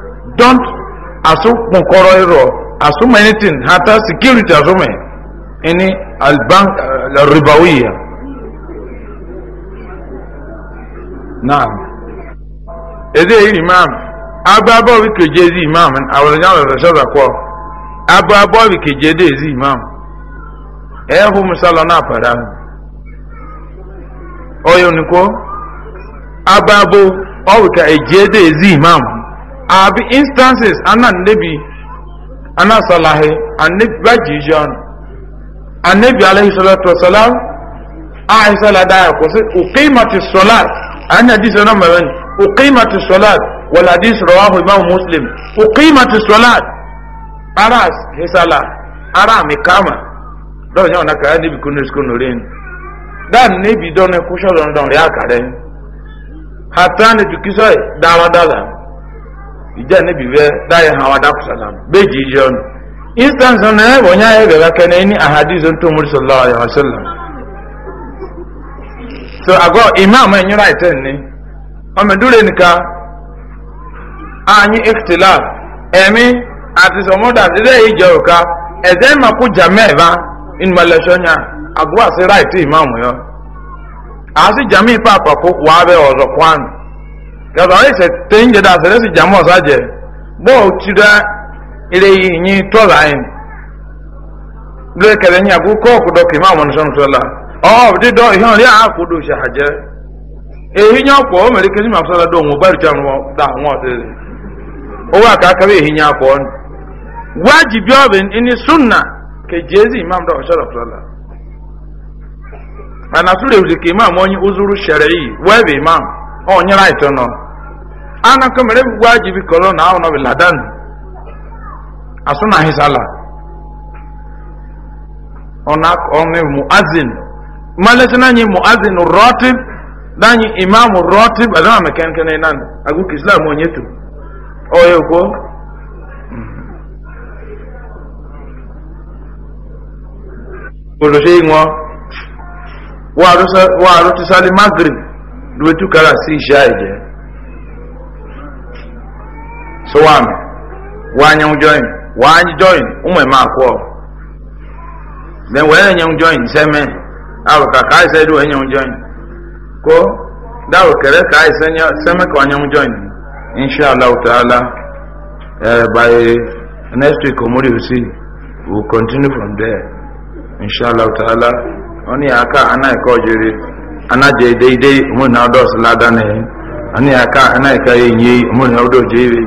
don't assume nkɔrɔ irɔ assume anything hata security assume bank albank ribawiya naam ɛdɛ yi imam ababɔ bi keje di imam awɔlɔnya lɔsɔ sɔsɔ kɔ ababɔ bi keje de zi imam ɛyɛ fún musalɔ náà pɛrɛ ɔyɛ oniko ababo ɔwika eje de zi imam. abi instances anna nebi anna salahi annabi baji john anabi alayhi salatu wasalam aisha la da ko se uqimati salat an hadith na mawan uqimati salat wal hadith rawahu imam muslim uqimati salat aras hisala ara mi kama do nyaw na ka nebi kunu skunu ren dan nebi don ko shodon don ya kare hatan ne bikiso dawa dala ija ne bi bɛ da ye hawa da kusalam bɛ ji jɔn instance na ye bonya ye bɛ ka kɛnɛ ni ahadi zon to muri sallallahu so ago imam en yura iten ni o ka anyi ikhtilaf emi ati so moda de ye ọrụ ka eze ma ku jameva in malashonya agwa se right imam yo asi jami papa ko wa be ozo gaza ayi sɛ tɛn gye da sɛ ɛsɛ ɔsa bɔɔl ti da ɛdɛ yi nyi lɛ e kɛlɛ nyi kɔɔku dɔ kɛmɛ awon sɔn tɔla ɔɔ ɔdi dɔ a ko e, do sɛ hajɛ ehi nya kɔ ɔmɛ de kɛse ma la do ŋun bari jan wɔ da ŋun ɔdi de owó akaka bɛ ehi nya kɔ wajibi ɔbɛn ɛni sunna kɛ jezi imam dɔ ɔsɛ dɔ tɔla anasuru ewusi kɛmɛ uzuru onyera itono ana kamere ji kolo na awon bi ladan na hisala ona onne muazin malesna nyi muazin ratib danyi imam ratib adama meken na nan Agụkọ islam onyetu oyo ko olùsèyí wọn wàá rútisálí magreth duwetu kara si isha ije so wami wanyan join wanyi join umwe makwo then wee nye join seme awo ka ka ise du join ko dawo kere ka ise seme ka nye join inshallah taala uh, by next week omori usi we will continue from there inshallah taala oni aka ana ko jere ana je daidai mun na odo salada ne ani aka ana ka yi mun na odo je